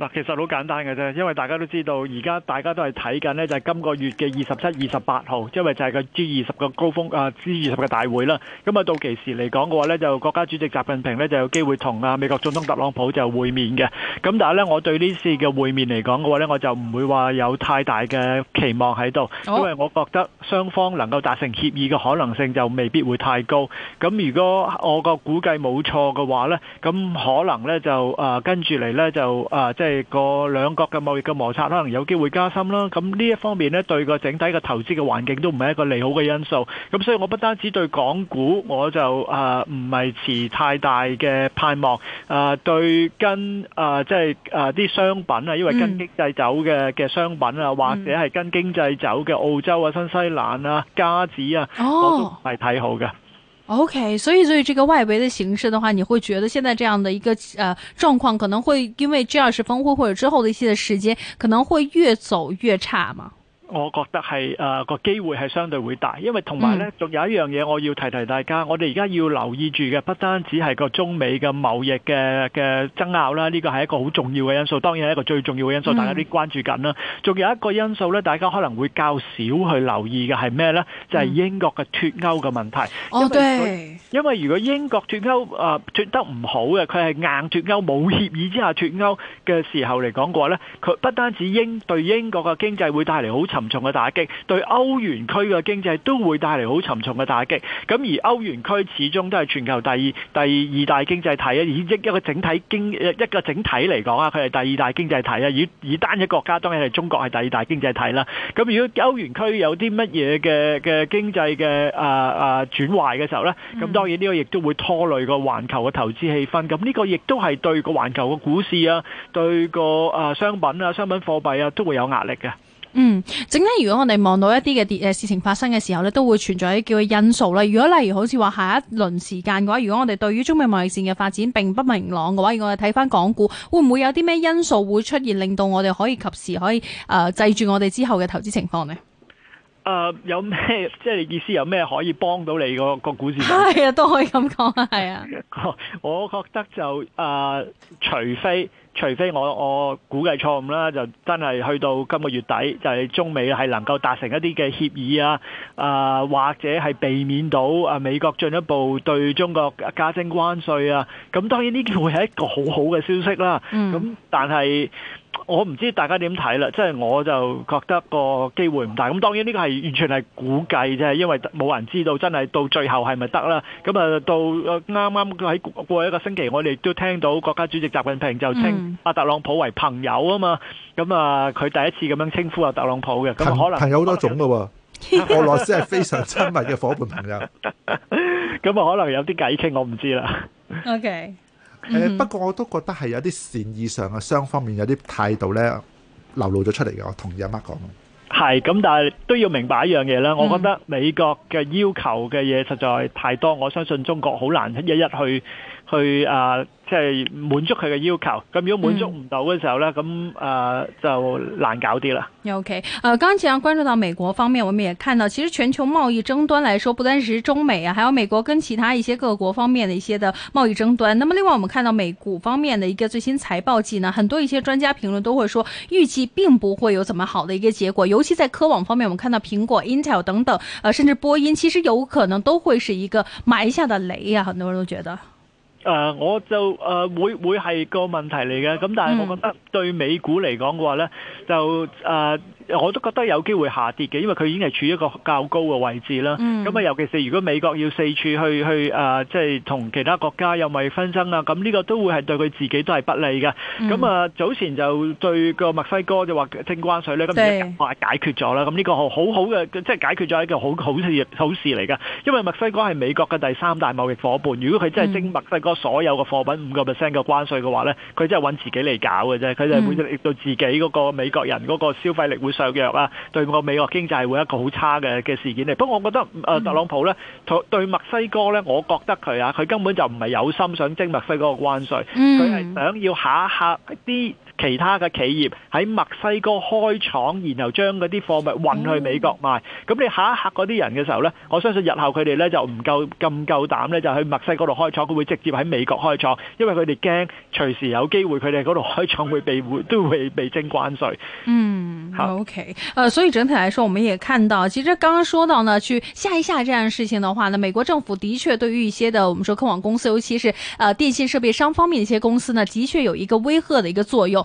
嗱，其實好簡單嘅啫，因為大家都知道，而家大家都係睇緊呢，就係今個月嘅二十七、二十八號，因為就係個 G 二十個高峰啊，G 二十嘅大會啦。咁啊，到其時嚟講嘅話呢，就國家主席習近平呢就有機會同啊美國總統特朗普就會面嘅。咁但係呢，我對呢次嘅會面嚟講嘅話呢，我就唔會話有太大嘅期望喺度，因為我覺得，雙方能夠達成協議嘅可能性就未必會太高。咁如果我個估計冇錯嘅話咧，咁可能咧就誒跟住嚟，咧就誒即係個兩國嘅貿易嘅摩擦可能有機會加深啦。咁呢一方面咧對個整體嘅投資嘅環境都唔係一個利好嘅因素。咁所以我不單止對港股我就誒唔係持太大嘅盼望。誒、啊、對跟誒即係誒啲商品啊，因為跟經濟走嘅嘅商品啊，mm. 或者係跟經濟走嘅澳洲啊、新西蘭。蛋、啊、家子啊，哦、oh.，係睇好嘅。O K，所以所以，這個外圍的形勢的話，你會覺得現在這樣的一個呃狀況，可能會因為 G 二十峰會或者之後的一些的時間，可能會越走越差嘛？我覺得係誒個機會係相對會大，因為同埋呢，仲有一樣嘢我要提提大家。我哋而家要留意住嘅，不單止係個中美嘅貿易嘅嘅爭拗啦，呢個係一個好重要嘅因素，當然係一個最重要嘅因素，大家都關注緊啦。仲有一個因素呢，大家可能會較少去留意嘅係咩呢？就係英國嘅脫歐嘅問題。哦，對，因為如果英國脫歐誒脫得唔好嘅，佢係硬脫歐冇協議之下脫歐嘅時候嚟講嘅話呢，佢不單止英對英國嘅經濟會帶嚟好沉。沉重嘅打擊對歐元區嘅經濟都會帶嚟好沉重嘅打擊。咁而歐元區始終都係全球第二第二大經濟體，以一個個整體經一個整體嚟講啊，佢係第二大經濟體啊。以以單一國家當然係中國係第二大經濟體啦。咁如果歐元區有啲乜嘢嘅嘅經濟嘅啊啊轉壞嘅時候呢，咁當然呢個亦都會拖累個環球嘅投資氣氛。咁呢個亦都係對個環球嘅股市啊，對個啊商品啊商品貨幣啊都會有壓力嘅。嗯，整體，如果我哋望到一啲嘅事情發生嘅時候咧，都會存在一啲叫因素啦。如果例如好似話下一輪時間嘅話，如果我哋對於中美貿易戰嘅發展並不明朗嘅話，如果我哋睇翻，港股會唔會有啲咩因素會出現，令到我哋可以及時可以誒、呃、制住我哋之後嘅投資情況呢？誒，有咩即係你意思？有咩可以幫到你個個股市？係啊，都可以咁講啊，係啊。我我覺得就誒，除非除非我我估計錯誤啦，就真係去到今個月底，就係中美係能夠達成一啲嘅協議啊，誒或者係避免到誒美國進一步對中國加徵關稅啊。咁當然呢件會係一個好好嘅消息啦。咁、嗯、但係。我唔知大家點睇啦，即係我就覺得個機會唔大。咁當然呢個係完全係估計啫，因為冇人知道真係到最後係咪得啦。咁啊，到啱啱喺過去一個星期，我哋都聽到國家主席習近平就稱阿特朗普為朋友啊嘛。咁啊，佢第一次咁樣稱呼阿特朗普嘅。咁可能朋友好多種噶喎。俄羅斯係非常親密嘅夥伴朋友。咁啊，可能有啲偈傾，我唔知啦。OK。誒、mm -hmm. 呃，不過我都覺得係有啲善意上嘅雙方面有啲態度咧流露咗出嚟嘅，我同意阿 Mark 講。係，咁但係都要明白一樣嘢啦。Mm -hmm. 我覺得美國嘅要求嘅嘢實在太多，我相信中國好難一一去。去啊，即係滿足佢嘅要求。咁如果滿足唔到嘅時候呢，咁、嗯、啊就難搞啲啦。OK，呃剛才關注到美國方面，我們也看到，其實全球貿易爭端來說，不單止中美啊，還有美國跟其他一些各國方面的一些的貿易爭端。那麼另外，我們看到美股方面的一個最新財報季呢，很多一些專家評論都會說，預計並不會有怎麼好的一個結果。尤其在科網方面，我們看到蘋果、Intel 等等，呃甚至波音，其實有可能都會是一個埋下的雷啊，很多人都覺得。誒、呃、我就誒、呃、會會係個問題嚟嘅。咁但係我覺得對美股嚟講嘅話咧，就誒、呃我都覺得有機會下跌嘅，因為佢已經係處於一個較高嘅位置啦。咁、嗯、啊，尤其是如果美國要四處去去啊，即係同其他國家有貿易紛爭啊，咁、這、呢個都會係對佢自己都係不利嘅。咁、嗯、啊、嗯，早前就對個墨西哥就話徵關稅咧，咁而家解決咗啦。咁呢個好好嘅，即係解決咗、這個、一個好好事好事嚟㗎。因為墨西哥係美國嘅第三大貿易伙伴，如果佢真係徵墨西哥所有嘅貨品五個 percent 嘅關稅嘅話咧，佢真係搵自己嚟搞嘅啫，佢就會令到自己嗰個美國人嗰個消費力會削弱啦、啊，對個美國經濟會一個好差嘅嘅事件嚟。不過我覺得誒特朗普咧、嗯，對墨西哥咧，我覺得佢啊，佢根本就唔係有心想徵墨西哥嘅關稅，佢、嗯、係想要下嚇嚇啲。其他嘅企業喺墨西哥開廠，然後將嗰啲貨物運去美國賣。咁、哦、你嚇一嚇嗰啲人嘅時候呢，我相信日後佢哋呢就唔夠咁夠膽呢，就去墨西哥度開廠，佢會直接喺美國開廠，因為佢哋驚隨時有機會佢哋嗰度開廠會被會都會被徵關稅。嗯，好、啊、OK，、呃、所以整體來說，我們也看到，其實剛剛講到呢，去下一下這樣的事情的話呢，美國政府的確對於一些的，我們說科網公司，尤其是呃電信設備商方面的一些公司呢，的確有一個威嚇的一個作用。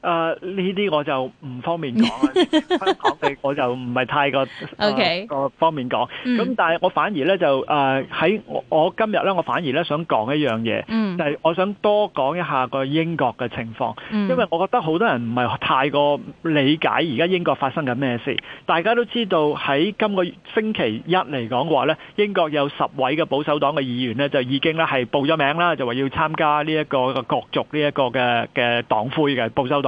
誒，呢啲我就唔方便講啦，香港嘅我就唔係太過方便講。咁但係我反而咧就誒喺我今日咧，我反而咧想講一樣嘢，就係我想多講一下個英國嘅情況。因為我覺得好多人唔係太過理解而家英國發生緊咩事。大家都知道喺今個星期一嚟講嘅話咧，英國有十位嘅保守黨嘅議員咧就已經咧係報咗名啦，就話要參加呢一個嘅角逐呢一個嘅嘅黨魁嘅保守黨。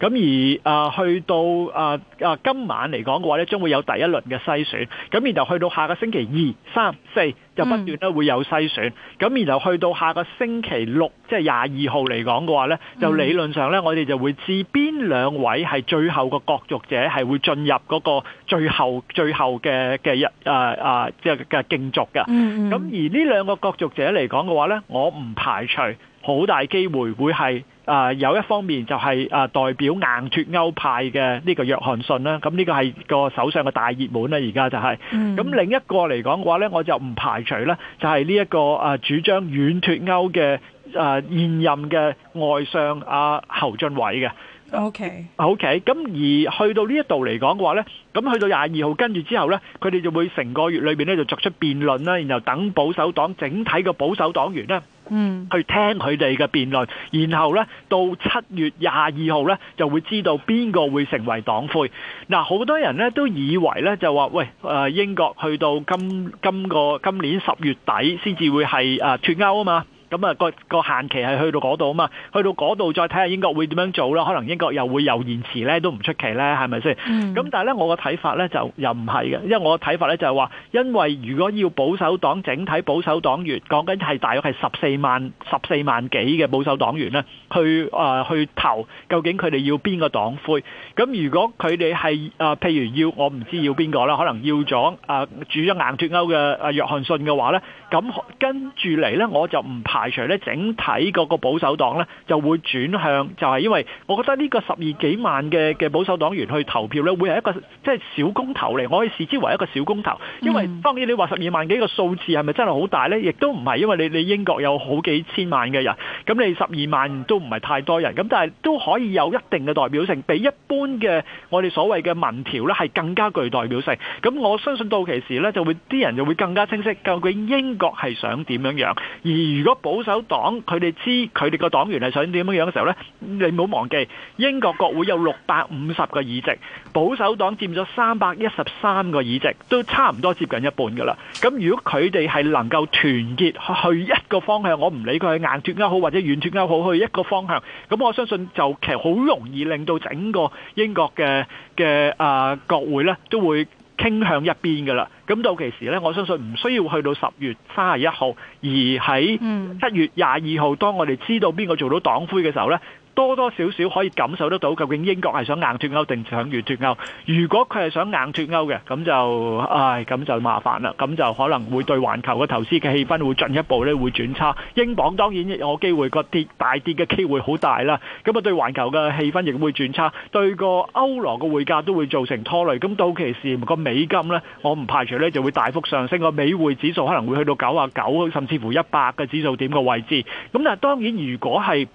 咁而、啊、去到、啊、今晚嚟講嘅話咧，將會有第一輪嘅篩選，咁然後去到下個星期二、三、四就不斷都會有篩選，咁然後去到下個星期六，即係廿二號嚟講嘅話咧，就理論上咧，我哋就會知邊兩位係最後個角逐者，係會進入嗰個最後最後嘅嘅一啊啊即係嘅競逐嘅。咁、嗯嗯、而呢兩個角逐者嚟講嘅話咧，我唔排除好大機會會係。啊，有一方面就係啊，代表硬脫歐派嘅呢個約翰遜啦，咁呢個係個首相嘅大熱門啦，而家就係。咁另一個嚟講嘅話咧，我就唔排除呢，就係呢一個啊，主張軟脫歐嘅啊現任嘅外相阿侯俊偉嘅。O K O K，咁而去到呢一度嚟講嘅話咧，咁去到廿二號跟住之後咧，佢哋就會成個月裏面咧就作出辯論啦，然後等保守黨整體嘅保守黨員咧。嗯，去聽佢哋嘅辯論，然後呢，到七月廿二號呢，就會知道邊個會成為黨魁。嗱、啊，好多人呢都以為呢，就話喂，誒、呃，英國去到今今個今年十月底先至會係誒脱歐啊嘛。咁啊，個個限期係去到嗰度啊嘛，去到嗰度再睇下英國會點樣做啦。可能英國又會又延遲咧，都唔出奇咧，係咪先？咁但係咧，我嘅睇法咧就又唔係嘅，因為我嘅睇法咧就係話，因為如果要保守黨整體保守黨員講緊係大約係十四萬十四萬幾嘅保守黨員咧，去啊去投，究竟佢哋要邊個黨魁？咁如果佢哋係啊，譬如要我唔知要邊個啦，可能要咗啊主張啊硬脫歐嘅啊約翰遜嘅話咧，咁跟住嚟咧，我就唔排。排除咧，整體個個保守黨呢就會轉向，就係。因為我覺得呢個十二幾萬嘅嘅保守黨員去投票呢，會係一個即係小公投嚟，我可以視之為一個小公投。因為當然你話十二萬幾個數字係咪真係好大呢，亦都唔係，因為你你英國有好幾千萬嘅人，咁你十二萬都唔係太多人，咁但係都可以有一定嘅代表性，比一般嘅我哋所謂嘅民調呢，係更加具代表性。咁我相信到期時呢就會啲人就會更加清晰，究竟英國係想點樣樣，而如果保守黨佢哋知佢哋個黨員係想點樣樣嘅時候呢，你唔好忘記英國國會有六百五十個議席，保守黨佔咗三百一十三個議席，都差唔多接近一半噶啦。咁如果佢哋係能夠團結去一個方向，我唔理佢係硬脫歐好或者軟脫歐好，去一個方向，咁我相信就其實好容易令到整個英國嘅嘅啊國會呢都會。傾向一邊嘅啦，咁到其時呢，我相信唔需要去到十月三十一號，而喺七月廿二號，當我哋知道邊個做到黨魁嘅時候呢。多多少少可以感受得到，究竟英國係想硬脫歐定想軟脫歐？如果佢係想硬脫歐嘅，咁就唉，咁就麻煩啦。咁就可能會對環球嘅投資嘅氣氛會進一步咧會轉差。英鎊當然有機會個跌大跌嘅機會好大啦。咁啊對環球嘅氣氛亦會轉差，對個歐羅嘅匯價都會造成拖累。咁到期時個美金咧，我唔排除咧就會大幅上升。個美匯指數可能會去到九啊九甚至乎一百個指數點嘅位置。咁但係當然如果係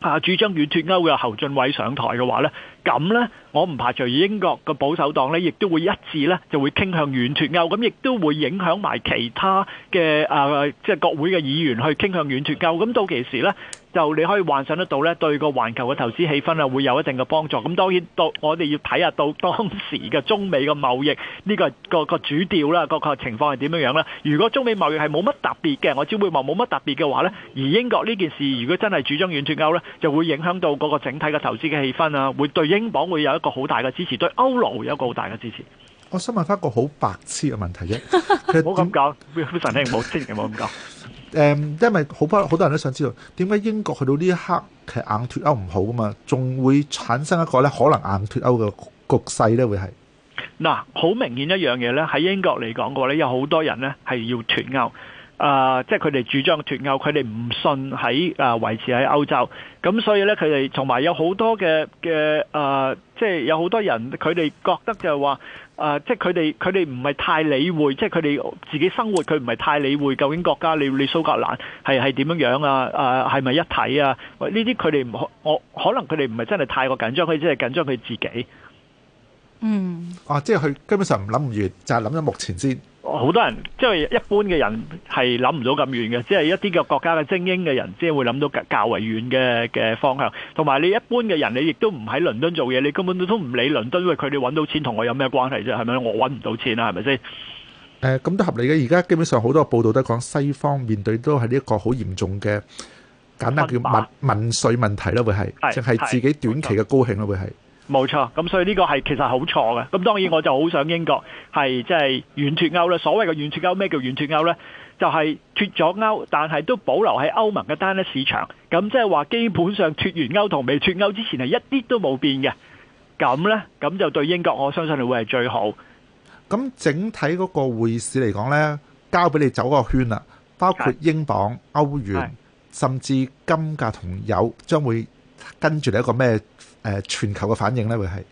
啊！主張遠脱歐嘅侯俊偉上台嘅話咧。咁咧，我唔排除英國嘅保守黨咧，亦都會一致咧，就會傾向遠脫歐。咁亦都會影響埋其他嘅誒，即係國會嘅議員去傾向遠脫歐。咁到其時咧，就你可以幻想得到咧，對個環球嘅投資氣氛啊，會有一定嘅幫助。咁當然到我哋要睇下到當時嘅中美嘅貿易呢個個個主調啦，個個情況係點樣樣啦。如果中美貿易係冇乜特別嘅，我只會話冇乜特別嘅話咧。而英國呢件事如果真係主張遠脫歐咧，就會影響到嗰個整體嘅投資嘅氣氛啊，會對一。英磅會有一個好大嘅支持，對歐羅有一個好大嘅支持。我想問翻一個好白痴嘅問題啫，唔好咁講，神明唔好，神明唔好咁講。誒，因為好多，好多人都想知道，點解英國去到呢一刻，其實硬脱歐唔好噶嘛，仲會產生一個咧可能硬脱歐嘅局勢咧，會係嗱，好明顯一樣嘢咧，喺英國嚟講過咧，有好多人咧係要脱歐。啊、呃，即係佢哋主張脫歐，佢哋唔信喺啊維持喺歐洲，咁所以呢，佢哋同埋有好多嘅嘅啊，即係有好多人，佢哋覺得就係話啊，即係佢哋佢哋唔係太理會，即係佢哋自己生活，佢唔係太理會究竟國家你你蘇格蘭係係點樣樣啊？啊係咪一體啊？呢啲佢哋唔我可能佢哋唔係真係太過緊張，佢只係緊張佢自己。嗯。啊，即係佢根本上唔諗唔完，就係諗咗目前先。好多人，即係一般嘅人係諗唔到咁遠嘅，即係一啲嘅國家嘅精英嘅人，即係會諗到較較為遠嘅嘅方向。同埋你一般嘅人，你亦都唔喺倫敦做嘢，你根本都唔理倫敦，因為佢哋搵到錢同我有咩關係啫？係咪我搵唔到錢啦，係咪先？誒、呃，咁都合理嘅。而家基本上好多的報道都講西方面對都係呢一個好嚴重嘅簡單的叫民民粹問題啦，會係淨係自己短期嘅高興咯，會係。冇錯，咁所以呢個係其實好錯嘅。咁當然我就好想英國係即係軟脫歐咧。所謂嘅軟脫歐咩叫軟脫歐呢？就係脫咗歐，但係都保留喺歐盟嘅單一市場。咁即係話基本上脫完歐同未脫歐之前係一啲都冇變嘅。咁呢，咁就對英國我相信你會係最好。咁整體嗰個匯市嚟講呢，交俾你走個圈啦。包括英鎊、歐元是是，甚至金價同油將會。跟住你一個咩誒，全球嘅反應呢？會係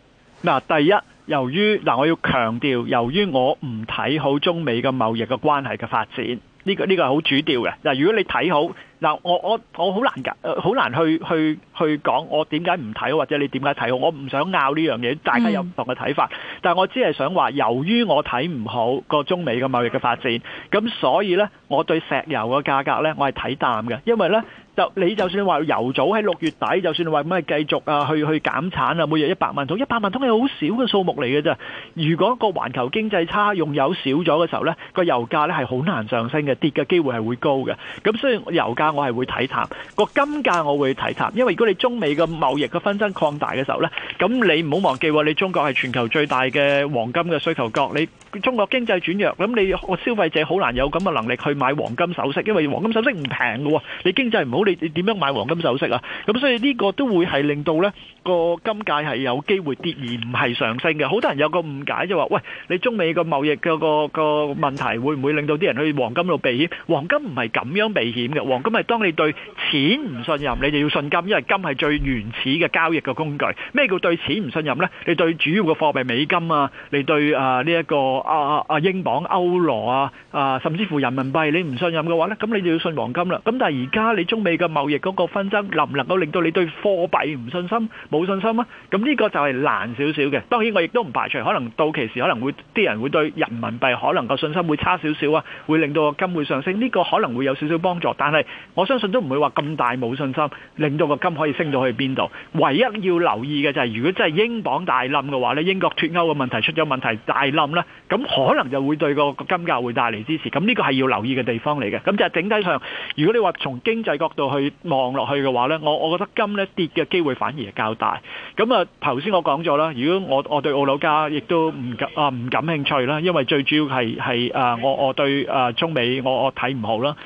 嗱，第一，由於嗱我要強調，由於我唔睇好中美嘅貿易嘅關係嘅發展，呢個、呢個係好主調嘅嗱。如果你睇好嗱，我我我好難㗎、呃、好難去去去講我點解唔睇好，或者你點解睇好，我唔想拗呢樣嘢，大家有唔同嘅睇法。嗯、但係我只係想話，由於我睇唔好個中美嘅貿易嘅發展，咁所以呢，我對石油嘅價格呢，我係睇淡嘅，因為呢。就你就算話油早喺六月底，就算話咩繼續啊去去減產啊，每日一百萬桶，一百萬桶係好少嘅數目嚟嘅啫。如果個環球經濟差，用油少咗嘅時候呢，個油價呢係好難上升嘅，跌嘅機會係會高嘅。咁所以油價我係會睇淡，個金價我會睇淡，因為如果你中美嘅貿易嘅紛爭擴大嘅時候呢，咁你唔好忘記你中國係全球最大嘅黃金嘅需求國，你中國經濟轉弱，咁你個消費者好難有咁嘅能力去買黃金首飾，因為黃金首飾唔平嘅喎，你經濟唔好。你你點樣買黃金首飾啊？咁所以呢個都會係令到咧個金價係有機會跌而唔係上升嘅。好多人有個誤解就話，喂，你中美個貿易嘅個個問題會唔會令到啲人去黃金度避險？黃金唔係咁樣避險嘅，黃金係當你對錢唔信任，你就要信金，因為金係最原始嘅交易嘅工具。咩叫對錢唔信任咧？你對主要嘅貨幣美金啊，你對啊呢一個啊啊英鎊、歐羅啊啊，甚至乎人民幣，你唔信任嘅話咧，咁你就要信黃金啦。咁但係而家你中美。個貿易嗰個紛爭能唔能夠令到你對貨幣唔信心、冇信心啊？咁呢個就係難少少嘅。當然我亦都唔排除可能到期時可能會啲人會對人民幣可能個信心會差少少啊，會令到個金會上升。呢個可能會有少少幫助，但係我相信都唔會話咁大冇信心，令到個金可以升到去邊度。唯一要留意嘅就係，如果真係英鎊大冧嘅話咧，英國脫歐嘅問題出咗問題大冧咧，咁可能就會對個金價會帶嚟支持。咁呢個係要留意嘅地方嚟嘅。咁就係整體上，如果你話從經濟角度，去望落去嘅話咧，我我覺得金咧跌嘅機會反而係較大。咁啊，頭先我講咗啦，如果我我對澳紐加亦都唔感啊唔感興趣啦，因為最主要係係啊我我對啊中美我我睇唔好啦，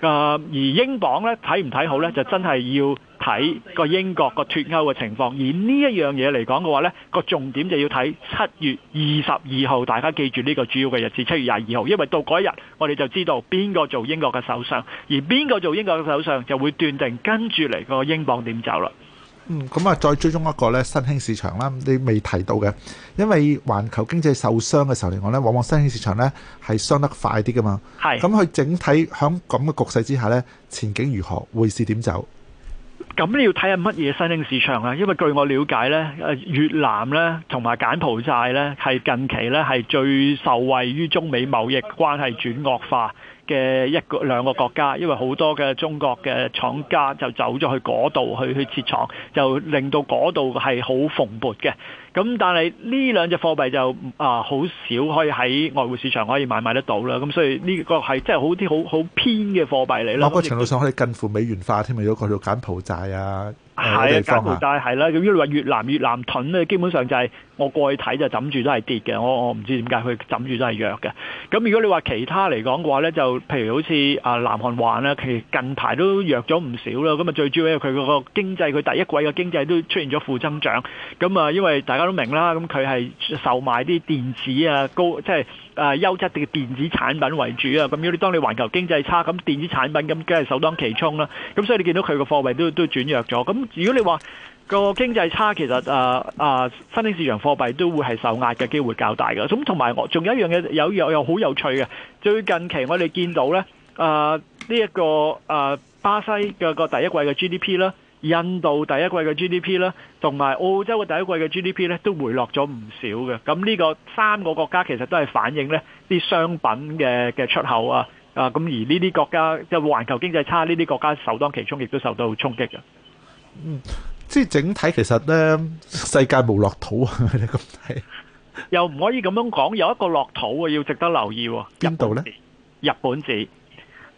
嘅，而英鎊咧睇唔睇好咧，就真係要睇個英國個脫歐嘅情況。而呢一樣嘢嚟講嘅話咧，個重點就要睇七月二十二號，大家記住呢個主要嘅日子。七月廿二號，因為到嗰一日，我哋就知道邊個做英國嘅首相，而邊個做英國嘅首相，就會斷定跟住嚟個英鎊點走啦。嗯，咁啊，再追蹤一個咧，新興市場啦，你未提到嘅，因為環球經濟受傷嘅時候嚟講咧，往往新興市場咧係傷得快啲噶嘛。係。咁佢整體喺咁嘅局勢之下咧，前景如何？會係點走？咁你要睇下乜嘢新興市場啊？因為據我瞭解咧，誒越南咧同埋柬埔寨咧係近期咧係最受惠於中美貿易關係轉惡化嘅一個兩個國家，因為好多嘅中國嘅廠家就走咗去嗰度去去設廠，就令到嗰度係好蓬勃嘅。咁但係呢兩隻貨幣就啊好少可以喺外匯市場可以買買得到啦。咁所以呢個係即係好啲好好偏嘅貨幣嚟咯。某個程度上可以近乎美元化添，咪都講到柬埔寨啊。係、嗯、啊，柬埔寨係啦，咁如果你話越南越南盾咧，基本上就係、是、我過去睇就枕住都係跌嘅，我我唔知點解佢枕住都係弱嘅。咁如果你話其他嚟講嘅話咧，就譬如好似啊南韓圜啦，其實近排都弱咗唔少啦。咁啊最主要係佢嗰個經濟，佢第一季嘅經濟都出現咗負增長。咁啊，因為大家都明啦，咁佢係售賣啲電子啊，高即係。啊，優質嘅電子產品為主啊，咁如果你當你環球經濟差，咁電子產品咁梗係首當其衝啦。咁所以你見到佢個貨幣都都轉弱咗。咁如果你話個經濟差，其實啊啊，新興市場貨幣都會係受壓嘅機會較大嘅。咁同埋我仲有一樣嘢有有又好有，有趣嘅，最近期我哋見到咧啊呢一、這個呢一個啊巴西嘅、個第一季嘅 GDP 啦。印度第一季嘅 G D P 啦，同埋澳洲嘅第一季嘅 G D P 咧，都回落咗唔少嘅。咁呢個三個國家其實都係反映咧啲商品嘅嘅出口啊，啊咁而呢啲國家即係環球經濟差，呢啲國家首當其衝，亦都受到衝擊嘅。即係整體其實咧，世界冇樂土啊，你咁睇。又唔可以咁樣講，有一個樂土啊，要值得留意啊。邊度咧？日本字。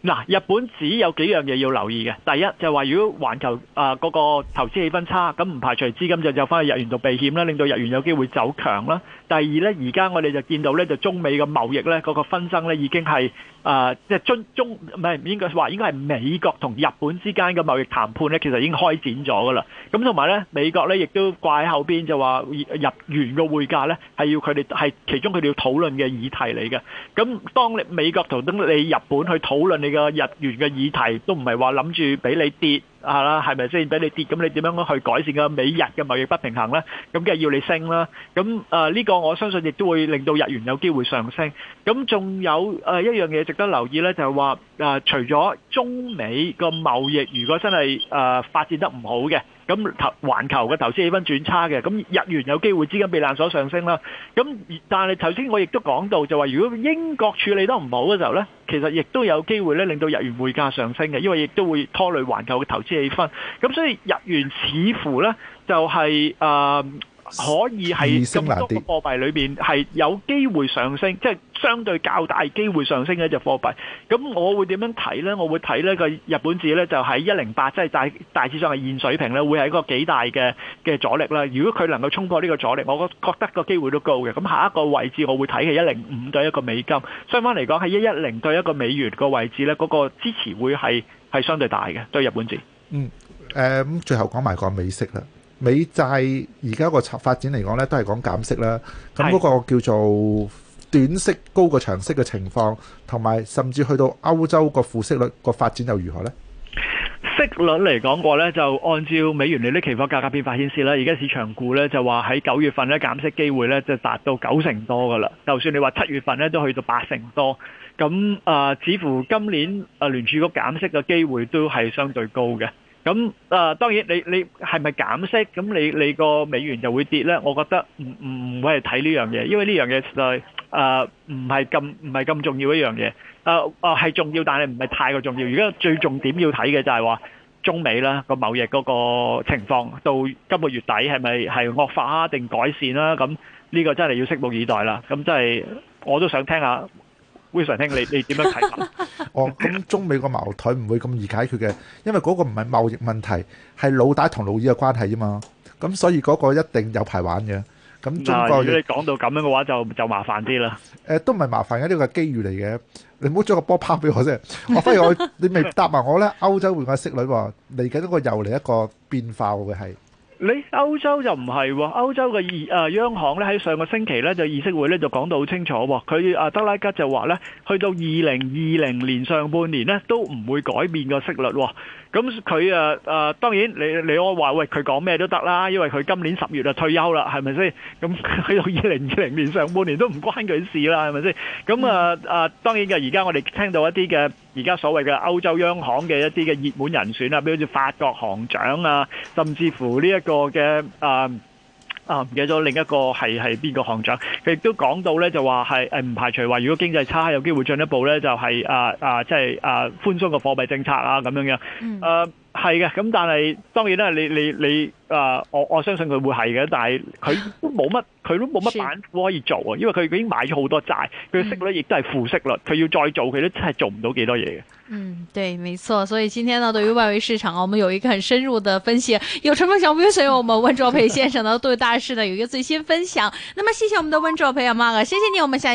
嗱，日本只有幾樣嘢要留意嘅。第一就係話，如果環球啊嗰個投資氣氛差，咁唔排除資金就走翻去日元度避險啦，令到日元有機會走強啦。第二呢，而家我哋就見到呢，就中美嘅貿易呢，嗰個紛爭呢已經係。啊、呃，即係中中唔係應該話應該係美國同日本之間嘅貿易談判咧，其實已經開展咗噶啦。咁同埋咧，美國咧亦都掛喺後邊就話日元嘅匯價咧係要佢哋係其中佢哋要討論嘅議題嚟嘅。咁當你美國同等你日本去討論你嘅日元嘅議題，都唔係話諗住俾你跌。係啦，係咪先俾你跌？咁你點樣去改善個美日嘅貿易不平衡呢？咁梗係要你升啦。咁誒呢個我相信亦都會令到日元有機會上升。咁仲有誒一樣嘢值得留意呢，就係話誒除咗中美個貿易，如果真係誒發展得唔好嘅。咁環球嘅投資氣氛轉差嘅，咁日元有機會資金避難所上升啦。咁但係頭先我亦都講到，就話如果英國處理得唔好嘅時候呢，其實亦都有機會咧令到日元匯價上升嘅，因為亦都會拖累環球嘅投資氣氛。咁所以日元似乎呢、就是，就係誒。可以係咁多個貨幣裏邊係有機會上升，即係相對較大機會上升嘅一隻貨幣。咁我會點樣睇呢？我會睇呢個日本字呢，就喺一零八，即係大大致上係現水平呢，會係一個幾大嘅嘅阻力咧。如果佢能夠衝破呢個阻力，我覺得個機會都高嘅。咁下一個位置我會睇係一零五對一個美金，相反嚟講，喺一一零對一個美元個位置呢，嗰個支持會係係相對大嘅對日本字。嗯，誒咁最後講埋個美息啦。美債而家個發展嚟講咧，都係講減息啦。咁嗰個叫做短息高過長息嘅情況，同埋甚至去到歐洲個負息率個發展又如何呢？息率嚟講過咧，就按照美元利率期貨價格變化顯示啦。而家市場股咧就話喺九月份咧減息機會咧就達到九成多噶啦。就算你話七月份咧都去到八成多。咁啊、呃，似乎今年啊聯儲局減息嘅機會都係相對高嘅。咁啊，當然你你係咪減息？咁你你個美元就會跌咧。我覺得唔唔會係睇呢樣嘢，因為呢樣嘢實在啊，唔係咁唔係咁重要一樣嘢。啊啊係重要，但係唔係太過重要。而家最重點要睇嘅就係話中美啦個貿易嗰個情況，到今個月底係咪係惡化定改善啦？咁呢個真係要拭目以待啦。咁真係我都想聽下。非常聽你你點樣睇法？我諗中美個矛盾唔會咁易解決嘅，因為嗰個唔係貿易問題，係老大同老二嘅關係吖嘛。咁所以嗰個一定有排玩嘅。咁中國如果你講到咁樣嘅話，就就麻煩啲啦。誒，都唔係麻煩嘅呢個機遇嚟嘅。你唔好將個波拋俾我先。我反而我你未答埋我咧？歐洲會唔會息率嚟緊，個又嚟一個變化會係。你歐洲就唔係喎。歐洲嘅央行咧，喺上個星期咧，就議息會咧，就講到好清楚喎、哦，佢啊德拉吉就話咧，去到二零二零年上半年咧都唔會改變個息率，哦。咁佢誒當然，你你我話喂，佢講咩都得啦，因為佢今年十月就退休啦，係咪先？咁 去到二零二零年上半年都唔關佢事啦，係咪先？咁啊、呃、當然嘅，而家我哋聽到一啲嘅而家所謂嘅歐洲央行嘅一啲嘅熱門人選啊，比如好似法國行長啊，甚至乎呢一個嘅啊。呃啊，唔記得咗另一個係係邊個行長？佢亦都講到咧，就話係誒唔排除話，如果經濟差有機會進一步咧，就係、係、啊啊即係、就係、啊寬鬆嘅貨幣政策啊咁樣樣，嗯啊係嘅，咁、嗯、但係當然啦，你你你，啊、呃，我我相信佢會係嘅，但係佢都冇乜，佢都冇乜板可以做啊，因為佢已經買咗好多債，佢息率亦都係負息率，佢、嗯、要再做，佢都真係做唔到幾多嘢嘅。嗯，對，沒錯，所以今天呢，對於外圍市場，啊，我們有一個很深入的分析，有陳鳳祥跟隨我們溫灼培先生呢， 對大事呢有一個最新分享。那麼，謝謝我們的溫灼培阿媽、啊，謝謝你，我們下。